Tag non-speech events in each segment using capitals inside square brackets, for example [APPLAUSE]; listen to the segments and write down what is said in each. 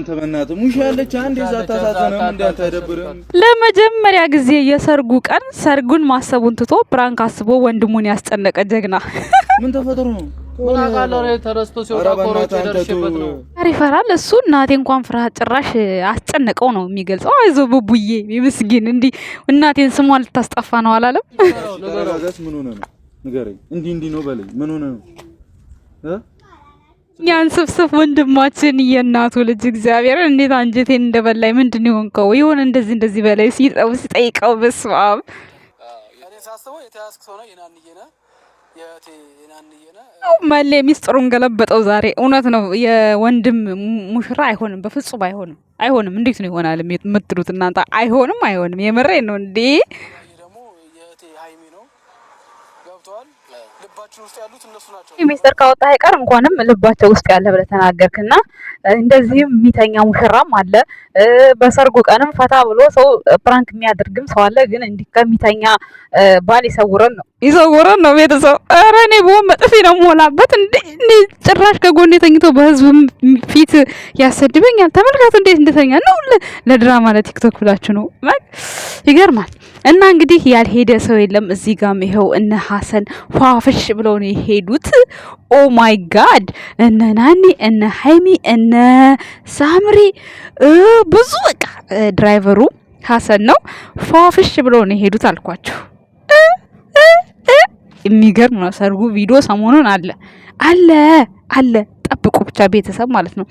አንተ በእናትህ ሙሽ ያለች አንድ ዛ ታሳዘነም እንዳታደብርም። ለመጀመሪያ ጊዜ የሰርጉ ቀን ሰርጉን ማሰቡን ትቶ ፕራንክ አስቦ ወንድሙን ያስጨነቀ ጀግና። ምን ተፈጥሮ ነው? ይፈራል እሱ። እናቴ እንኳን ፍርሃት ጭራሽ አስጨነቀው ነው የሚገልጸው። አይዞ ቡቡዬ ምስጊን እንዲህ እናቴን ስሟን ልታስጠፋ ነው አላለም። ምን ሆነ ነው ንገረኝ። እንዲህ እንዲህ ነው በለኝ። ምን ሆነ ነው ያን ስብስብ ወንድማችን የእናቱ ልጅ እግዚአብሔር እንዴት አንጀቴን እንደበላይ ምንድን ይሆን ከው እንደዚህ እንደዚህ በላይ ሲጠው ሲጠይቀው በስመ መሌ ሚስጥሩን ገለበጠው ዛሬ። እውነት ነው የወንድም ሙሽራ አይሆንም፣ በፍጹም አይሆንም፣ አይሆንም። እንዴት ነው ይሆናል የምትሉት እናንተ? አይሆንም፣ አይሆንም። የምሬ ነው እንዴ ልባችን ውስጥ ሚስጥር ካወጣ አይቀር እንኳንም ልባቸው ውስጥ ያለ ብለህ ተናገርክና እንደዚህም የሚተኛ ሙሽራም አለ። በሰርጉ ቀንም ፈታ ብሎ ሰው ፕራንክ የሚያደርግም ሰው አለ። ግን እንዲህ ከሚተኛ ባል ይሰውረን ነው ይሰውረን ነው ቤተሰብ። ኧረ እኔ ብሆን መጥፊ ነው የምሞላበት። እንዴ ጭራሽ ከጎን የተኝቶ በህዝብ ፊት ያሰድበኛል። ተመልካቱ እንዴት እንደተኛ ነው። ለድራማ ለቲክቶክ ብላችሁ ነው። ይገርማል። እና እንግዲህ ያልሄደ ሰው የለም እዚህ ጋም ይኸው እነ ሀሰን ፏፍሽ ብለው ነው የሄዱት። ኦ ማይ ጋድ! እነ ናኒ፣ እነ ሃይሚ፣ እነ ሳምሪ ብዙ በቃ ድራይቨሩ ሀሰን ነው። ፏፍሽ ብለው ነው የሄዱት አልኳችሁ። የሚገርም ነው። ሰርጉ ቪዲዮ ሰሞኑን አለ አለ አለ። ጠብቁ ብቻ ቤተሰብ ማለት ነው።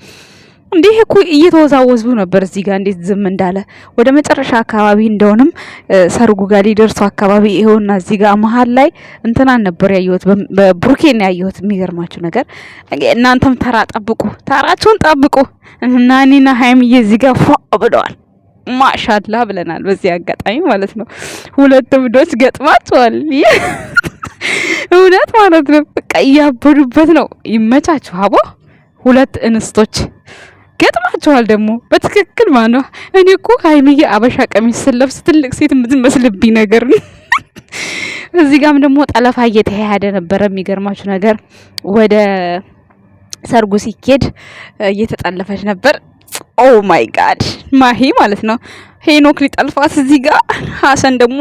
እንዲህ እኮ እየተወዛወዙ ነበር እዚህ ጋር እንዴት ዝም እንዳለ ወደ መጨረሻ አካባቢ እንደውንም ሰርጉ ጋር ሊደርሱ አካባቢ ይኸውና እዚህ ጋር መሀል ላይ እንትናን ነበር ያየሁት፣ በብሩኬን ያየሁት። የሚገርማችሁ ነገር እናንተም ተራ ጠብቁ፣ ተራችሁን ጠብቁ። ናኒና ሀይምዬ እዚህ ጋር ፏ ብለዋል። ማሻላ ብለናል። በዚህ አጋጣሚ ማለት ነው ሁለት እብዶች ገጥማቸዋል። እውነት ማለት ነው በቃ እያበዱበት ነው። ይመቻችሁ አቦ ሁለት እንስቶች ገጥማችኋል ደግሞ በትክክል ማ ነው። እኔ እኮ ሀይሚዬ አበሻ ቀሚስ ስለብስ ትልቅ ሴት የምትመስልብኝ ነገር እዚህ ጋም ደግሞ ጠለፋ እየተካሄደ ነበረ። የሚገርማችሁ ነገር ወደ ሰርጉ ሲኬድ እየተጠለፈች ነበር። ኦ ማይ ጋድ ማሂ ማለት ነው። ሄኖክ ሊጠልፋት እዚህ ጋ ሀሰን ደግሞ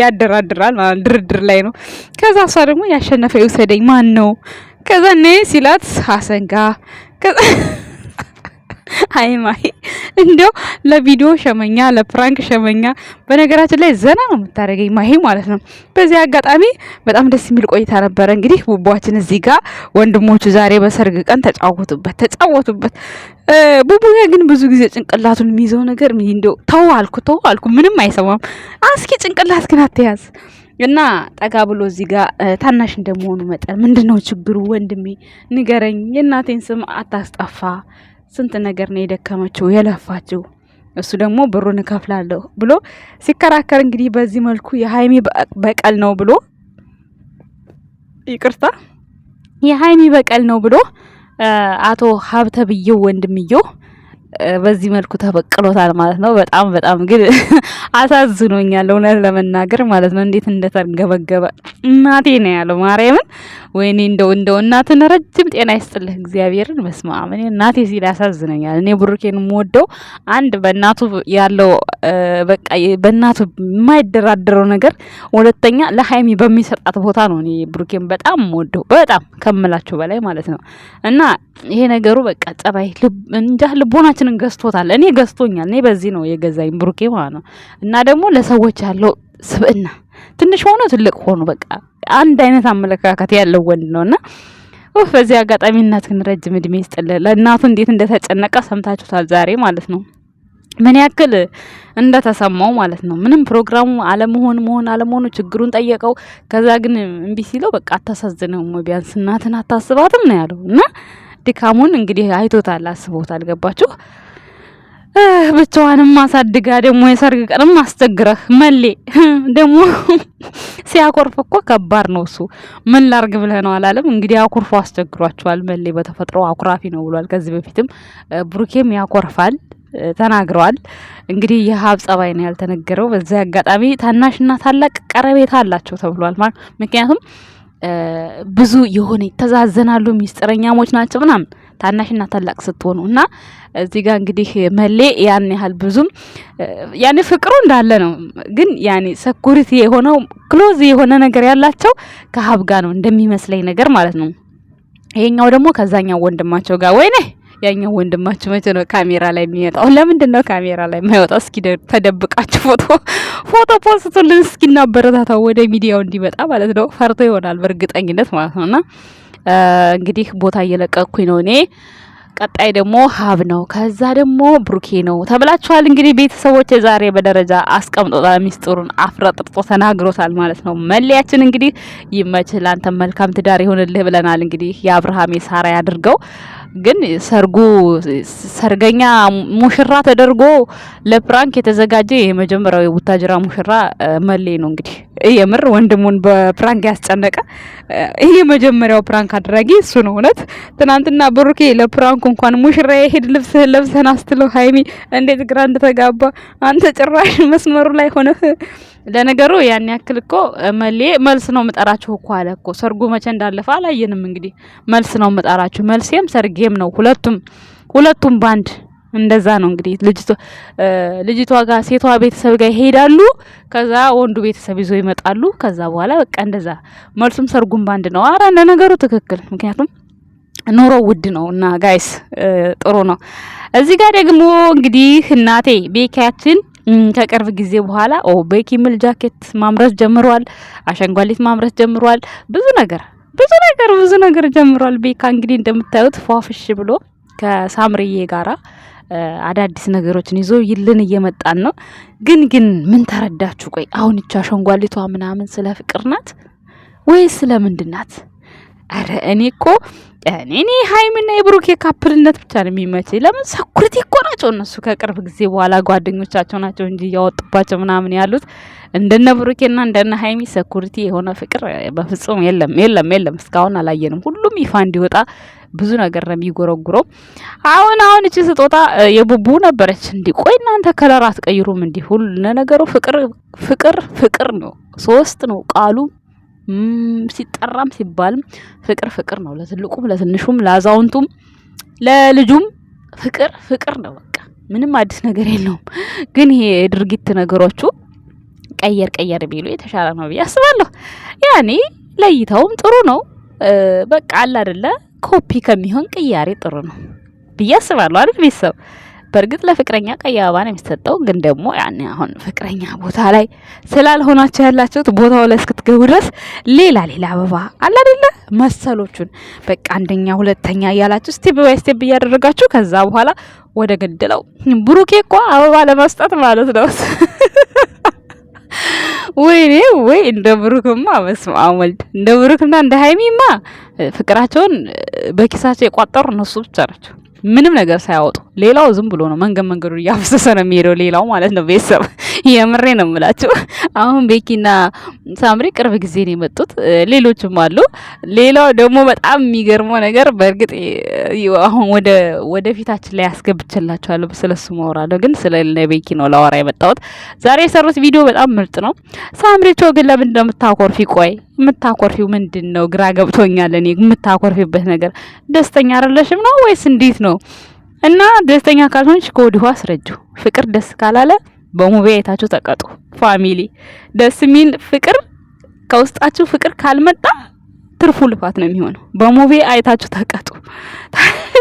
ያደራድራል ማለት ድርድር ላይ ነው። ከዛ እሷ ደግሞ ያሸነፈ ይውሰደኝ ማን ነው? ከዛ ነ ሲላት ሀሰን ጋር አይ ማይ እንዲያው ለቪዲዮ ሸመኛ፣ ለፕራንክ ሸመኛ። በነገራችን ላይ ዘና ነው የምታደርገኝ ማሄ ማለት ነው። በዚህ አጋጣሚ በጣም ደስ የሚል ቆይታ ነበረ። እንግዲህ ቡቧችን እዚህ ጋር ወንድሞቹ ዛሬ በሰርግ ቀን ተጫወቱበት ተጫወቱበት። ቡቡያ ግን ብዙ ጊዜ ጭንቅላቱን የሚይዘው ነገር እንዲያው ተው አልኩ ተው አልኩ ምንም አይሰማም። አስኪ ጭንቅላት ግን አትያዝ እና ጠጋ ብሎ እዚህ ጋር ታናሽ እንደመሆኑ መጠን ምንድነው ችግሩ ወንድሜ ንገረኝ፣ የእናቴን ስም አታስጠፋ ስንት ነገር ነው የደከመችው የለፋችው እሱ ደግሞ ብሩን እከፍላለሁ ብሎ ሲከራከር እንግዲህ በዚህ መልኩ የሀይሚ በቀል ነው ብሎ ይቅርታ የሀይሚ በቀል ነው ብሎ አቶ ሀብተ ወንድምየው በዚህ መልኩ ተበቅሎታል ማለት ነው። በጣም በጣም ግን [LAUGHS] አሳዝኖኛል እውነት ለመናገር ማለት ነው። እንዴት እንደተንገበገበ እናቴ ነው ያለው ማርያምን። ወይኔ እንደው እንደው እናትን ረጅም ጤና ይስጥልህ እግዚአብሔርን። በስመ አብ እኔ እናቴ ሲል ያሳዝነኛል። እኔ ብሩኬን የምወደው አንድ በእናቱ ያለው በቃ በእናቱ የማይደራደረው ነገር፣ ሁለተኛ ለሀይሚ በሚሰጣት ቦታ ነው። እኔ ብሩኬን በጣም የምወደው በጣም ከምላቸው በላይ ማለት ነው። እና ይሄ ነገሩ በቃ ጸባይ እንጃ ልቦና ሰዎችን ገዝቶታል። እኔ ገዝቶኛል። እኔ በዚህ ነው የገዛኝ ብሩኬ ማለት ነው። እና ደግሞ ለሰዎች ያለው ስብእና ትንሽ ሆኖ ትልቅ ሆኖ በቃ አንድ አይነት አመለካከት ያለው ወንድ ነውና ኡፍ በዚህ አጋጣሚ እናትህን ረጅም እድሜ ይስጥል። ለእናቱ እንዴት እንደተጨነቀ ሰምታችሁታል ዛሬ ማለት ነው። ምን ያክል እንደተሰማው ማለት ነው። ምንም ፕሮግራሙ አለመሆን መሆን አለመሆኑ ችግሩን ጠየቀው። ከዛ ግን እምቢ ሲለው በቃ አታሳዝነውም፣ ቢያንስ እናትን አታስባትም ነው ያለው እና ድካሙን እንግዲህ አይቶታል፣ አስቦታል። ገባችሁ? ብቻዋንም አሳድጋ ደግሞ የሰርግ ቀንም አስቸግረህ መሌ [LAUGHS] ደግሞ ሲያኮርፍ እኮ ከባድ ነው። እሱ ምን ላርግ ብለህ ነው አላለም። እንግዲህ አኩርፎ አስቸግሯቸዋል። መሌ በተፈጥሮ አኩራፊ ነው ብሏል። ከዚህ በፊትም ብሩኬም ያኮርፋል ተናግረዋል። እንግዲህ የሀብ ጸባይ ነው ያልተነገረው። በዚያ አጋጣሚ ታናሽና ታላቅ ቀረቤታ አላቸው ተብሏል። ምክንያቱም ብዙ የሆነ ይተዛዘናሉ፣ ሚስጥረኛሞች ናቸው ምናምን ታናሽና ታላቅ ስትሆኑ እና እዚህ ጋር እንግዲህ መሌ ያን ያህል ብዙም ያኔ ፍቅሩ እንዳለ ነው፣ ግን ያኔ ሰኩሪቲ የሆነው ክሎዝ የሆነ ነገር ያላቸው ከሀብ ጋር ነው እንደሚመስለኝ ነገር ማለት ነው። ይሄኛው ደግሞ ከዛኛው ወንድማቸው ጋር ወይኔ ያኛው ወንድማችሁ መቼ ነው ካሜራ ላይ የሚወጣው? ለምንድን ነው ካሜራ ላይ የማይወጣው? እስኪ ተደብቃችሁ ፎቶ [LAUGHS] ፎቶ ፖስቱልን እስኪ እናበረታታው ወደ ሚዲያው እንዲመጣ ማለት ነው። ፈርቶ ይሆናል በእርግጠኝነት ማለት ነውና እንግዲህ ቦታ እየለቀኩኝ ነው እኔ። ቀጣይ ደግሞ ሀብ ነው፣ ከዛ ደግሞ ብሩኬ ነው ተብላችኋል። እንግዲህ ቤተሰቦች ዛሬ በደረጃ አስቀምጦታል፣ ሚስጥሩን አፍረጥርጦ ተናግሮታል ማለት ነው። መለያችን እንግዲህ ይመችል፣ አንተ መልካም ትዳር ይሆንልህ ብለናል። እንግዲህ የአብርሃም የሳራ ያድርገው። ግን ሰርጉ ሰርገኛ ሙሽራ ተደርጎ ለፕራንክ የተዘጋጀ የመጀመሪያው የቡታጅራ ሙሽራ መሌ ነው። እንግዲህ የምር ወንድሙን በፕራንክ ያስጨነቀ ይህ የመጀመሪያው ፕራንክ አድራጊ እሱ ነው። እውነት ትናንትና ብሩኬ ለፕራንኩ እንኳን ሙሽራ የሄድ ልብስህን ለብሰን አስትለው ሀይሚ እንዴት ግራ እንደተጋባ አንተ ጭራሽ መስመሩ ላይ ሆነህ ለነገሩ ያን ያክል እኮ መሌ መልስ ነው ምጠራችሁ እኮ አለ እኮ። ሰርጉ መቼ እንዳለፈ አላየንም። እንግዲህ መልስ ነው ምጠራችሁ፣ መልሴም ሰርጌም ነው ሁለቱም ሁለቱም ባንድ እንደዛ ነው እንግዲህ ልጅቷ ልጅቷ ጋር ሴቷ ቤተሰብ ጋር ይሄዳሉ። ከዛ ወንዱ ቤተሰብ ይዞ ይመጣሉ። ከዛ በኋላ በቃ እንደዛ መልሱም ሰርጉም ባንድ ነው። አረ እንደ ትክክል። ምክንያቱም ኑሮ ውድ ነው እና ጋይስ ጥሩ ነው። እዚህ ጋር ደግሞ እንግዲህ እናቴ ቤካችን ከቅርብ ጊዜ በኋላ ኦ ቤኪ ሚል ጃኬት ማምረት ጀምሯል። አሸንጓሊት ማምረት ጀምሯል። ብዙ ነገር ብዙ ነገር ብዙ ነገር ጀምሯል። ቤካ እንግዲህ እንደምታዩት ፏፍሽ ብሎ ከሳምርዬ ጋራ አዳዲስ ነገሮችን ይዞ ይልን እየመጣን ነው። ግን ግን ምን ተረዳችሁ? ቆይ አሁን ይቻ አሸንጓሊቷ ምናምን ስለ ፍቅር ናት ወይስ ስለ ምንድን ናት? አረ እኔ እኮ እኔ እኔ ሀይሚና የብሩኬ ካፕልነት ብቻ ነው የሚመቸኝ። ለምን ሰኩሪቲ እኮ ናቸው እነሱ። ከቅርብ ጊዜ በኋላ ጓደኞቻቸው ናቸው እንጂ እያወጡባቸው ምናምን ያሉት እንደነ ብሩኬና እንደነ ሀይሚ ሰኩሪቲ የሆነ ፍቅር በፍጹም የለም፣ የለም፣ የለም። እስካሁን አላየንም። ሁሉም ይፋ እንዲወጣ ብዙ ነገር ነው የሚጎረጉረው። አሁን አሁን እቺ ስጦታ የቡቡ ነበረች። እንዲ ቆይ እናንተ ከለር አትቀይሩም? እንዲ ሁሉ ነገሩ ፍቅር፣ ፍቅር፣ ፍቅር ነው። ሶስት ነው ቃሉ ሲጠራም ሲባልም ፍቅር ፍቅር ነው። ለትልቁም ለትንሹም ለአዛውንቱም ለልጁም ፍቅር ፍቅር ነው። በቃ ምንም አዲስ ነገር የለውም። ግን ይሄ የድርጊት ነገሮቹ ቀየር ቀየር ቢሉ የተሻለ ነው ብዬ አስባለሁ። ያኔ ለይተውም ጥሩ ነው። በቃ አለ አይደለ ኮፒ ከሚሆን ቅያሬ ጥሩ ነው ብዬ አስባለሁ አይደል ቤተሰብ በእርግጥ ለፍቅረኛ ቀይ አበባ ነው የሚሰጠው። ግን ደግሞ ያን አሁን ፍቅረኛ ቦታ ላይ ስላልሆናችሁ ያላችሁት ቦታው ላይ እስክትገቡ ድረስ ሌላ ሌላ አበባ አለ አይደለ መሰሎቹን በቃ አንደኛ ሁለተኛ እያላችሁ ስቴፕ ባይ ስቴፕ እያደረጋችሁ ከዛ በኋላ ወደ ገደለው ብሩኬ እኮ አበባ ለመስጠት ማለት ነው። [LAUGHS] ወይኔ ወይ እንደ ብሩክማ በስመ እንደ ብሩክና እንደ ሀይሚማ ፍቅራቸውን በኪሳቸው የቋጠሩ እነሱ ብቻ ናቸው፣ ምንም ነገር ሳያወጡ ሌላው ዝም ብሎ ነው መንገድ መንገዱ እያፈሰሰ ነው የሚሄደው። ሌላው ማለት ነው ቤተሰብ [LAUGHS] የምሬ ነው የምላችሁ። አሁን ቤኪና ሳምሪ ቅርብ ጊዜ ነው የመጡት፣ ሌሎችም አሉ። ሌላው ደግሞ በጣም የሚገርመው ነገር በእርግጥ አሁን ወደ ወደፊታችን ላይ ያስገብችላችኋለሁ፣ ስለሱ ማወራለሁ። ግን ስለ ቤኪ ነው ላወራ የመጣሁት። ዛሬ የሰሩት ቪዲዮ በጣም ምርጥ ነው። ሳምሪቾ ግን ለምንድን ነው የምታኮርፊ? ቆይ የምታኮርፊው ምንድን ነው? ግራ ገብቶኛል እኔ። የምታኮርፊበት ነገር ደስተኛ አይደለሽም ነው ወይስ እንዴት ነው? እና ደስተኛ ካልሆንሽ ከወዲሁ አስረጁ። ፍቅር ደስ ካላለ በሙቤ አይታችሁ ተቀጡ። ፋሚሊ ደስ የሚል ፍቅር ከውስጣችሁ ፍቅር ካልመጣ ትርፉ ልፋት ነው የሚሆነው። በሙቤ አይታችሁ ተቀጡ። [LAUGHS]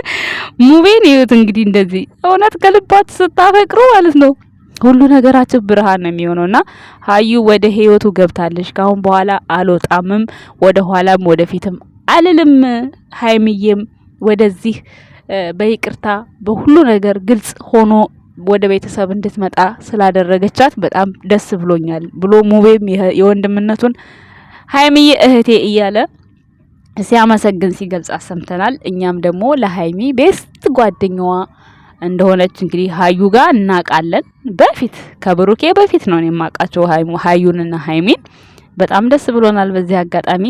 ሙቤን ይዩት እንግዲህ እንደዚህ እውነት ከልባት ስታፈቅሩ ማለት ነው ሁሉ ነገራችን ብርሃን ነው የሚሆነው። የሚሆነውና ሀዩ ወደ ህይወቱ ገብታለች። ካሁን በኋላ አልወጣምም፣ ወደ ኋላም ወደፊትም አልልም። ሀይምዬም ወደዚህ በይቅርታ በሁሉ ነገር ግልጽ ሆኖ ወደ ቤተሰብ እንድትመጣ ስላደረገቻት በጣም ደስ ብሎኛል ብሎ ሙቤም የወንድምነቱን ሀይሚዬ እህቴ እያለ ሲያመሰግን ሲገልጽ አሰምተናል። እኛም ደግሞ ለሀይሚ ቤስት ጓደኛዋ እንደሆነች እንግዲህ ሀዩ ጋር እናውቃለን። በፊት ከብሩኬ በፊት ነው የማውቃቸው ሀዩንና ሀይሚን በጣም ደስ ብሎናል። በዚህ አጋጣሚ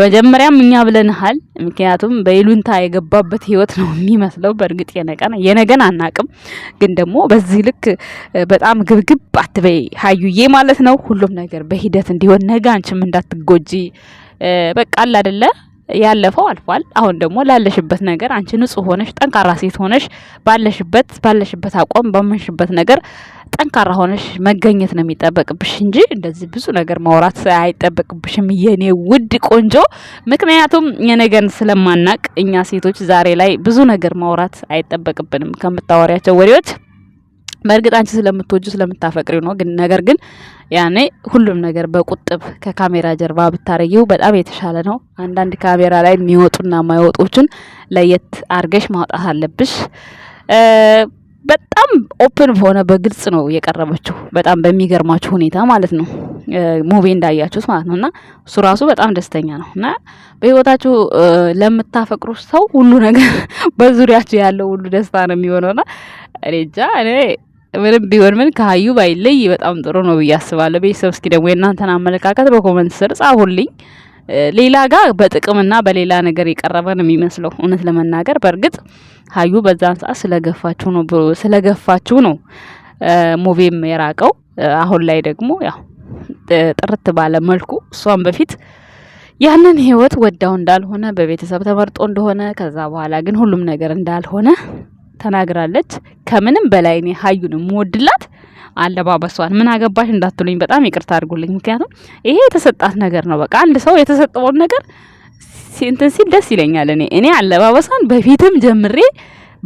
መጀመሪያም እኛ ብለንሃል፣ ምክንያቱም በይሉንታ የገባበት ህይወት ነው የሚመስለው። በእርግጥ የነቀን የነገን አናቅም፣ ግን ደግሞ በዚህ ልክ በጣም ግብግብ አትበይ ሀዩዬ ማለት ነው። ሁሉም ነገር በሂደት እንዲሆን ነገ እንዳትጎጂ በቃ አለ ያለፈው አልፏል። አሁን ደግሞ ላለሽበት ነገር አንቺ ንጹህ ሆነሽ ጠንካራ ሴት ሆነሽ ባለሽበት ባለሽበት አቋም ባመንሽበት ነገር ጠንካራ ሆነሽ መገኘት ነው የሚጠበቅብሽ እንጂ እንደዚህ ብዙ ነገር ማውራት አይጠበቅብሽም የኔ ውድ ቆንጆ። ምክንያቱም የነገን ስለማናቅ እኛ ሴቶች ዛሬ ላይ ብዙ ነገር ማውራት አይጠበቅብንም ከምታወሪያቸው ወሬዎች በእርግጥ አንቺ ስለምትወጁ ስለምታፈቅሪው ነው። ግን ነገር ግን ያኔ ሁሉም ነገር በቁጥብ ከካሜራ ጀርባ ብታረጊው በጣም የተሻለ ነው። አንዳንድ ካሜራ ላይ የሚወጡና የማይወጡችን ለየት አድርገሽ ማውጣት አለብሽ። በጣም ኦፕን በሆነ በግልጽ ነው የቀረበችው። በጣም በሚገርማችሁ ሁኔታ ማለት ነው ሙቪ እንዳያችሁት ማለት ነው። እና እሱ ራሱ በጣም ደስተኛ ነው። እና በህይወታችሁ ለምታፈቅሩ ሰው ሁሉ ነገር [LAUGHS] በዙሪያችሁ ያለው ሁሉ ደስታ ነው የሚሆነውና እኔ እንጃ እኔ ምንም ቢሆን ምን ከሀዩ ባይለይ በጣም ጥሩ ነው ብዬ አስባለሁ። ቤተሰብ እስኪ ደግሞ የእናንተን አመለካከት በኮመንት ስር ጻፉልኝ። ሌላ ጋር በጥቅምና በሌላ ነገር ነው የሚመስለው እውነት ለመናገር በእርግጥ ሀዩ በዛን ሰዓት ስለገፋችሁ ነው ስለገፋችሁ ነው ሙቪም የራቀው። አሁን ላይ ደግሞ ያው ጥርት ባለ መልኩ እሷን በፊት ያንን ህይወት ወዳው እንዳልሆነ በቤተሰብ ተመርጦ እንደሆነ ከዛ በኋላ ግን ሁሉም ነገር እንዳልሆነ ተናግራለች። ከምንም በላይ እኔ ሀዩን የምወድላት አለባበሷን ምን አገባሽ እንዳትሉኝ በጣም ይቅርታ አድርጉልኝ። ምክንያቱም ይሄ የተሰጣት ነገር ነው። በቃ አንድ ሰው የተሰጠውን ነገር እንትን ሲል ደስ ይለኛል። እኔ እኔ አለባበሷን በፊትም ጀምሬ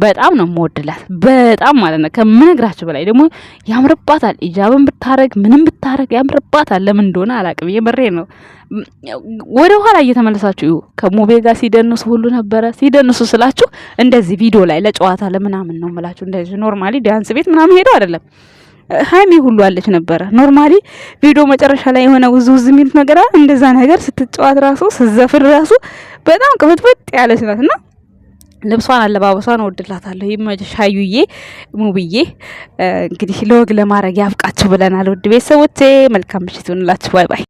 በጣም ነው የምወድላት በጣም ማለት ነው ከምነግራችሁ በላይ ደግሞ ያምርባታል። ኢጃብን ብታረግ ምንም ብታረግ ያምርባታል። ለምን እንደሆነ አላቅም። የምሬ ነው። ወደ ኋላ እየተመለሳችሁ ከሙቤ ጋር ሲደንሱ ሁሉ ነበረ። ሲደንሱ ስላችሁ እንደዚህ ቪዲዮ ላይ ለጨዋታ ለምናምን ነው ምላችሁ። እንደዚህ ኖርማሊ ዳንስ ቤት ምናምን ሄደው አይደለም ሀይሚ ሁሉ አለች ነበረ። ኖርማሊ ቪዲዮ መጨረሻ ላይ የሆነ ውዝ ውዝ የሚሉት ነገር እንደዛ ነገር ስትጫወት ራሱ ስዘፍር ራሱ በጣም ቅብጥብጥ ያለች ናት እና ልብሷን አለባበሷን ወድላታለሁ። ይመችሽ ሀዩዬ ሙብዬ። እንግዲህ ለወግ ለማድረግ ያብቃችሁ ብለናል። ውድ ቤተሰቦቼ መልካም ምሽት ይሁንላችሁ። ባይ ባይ።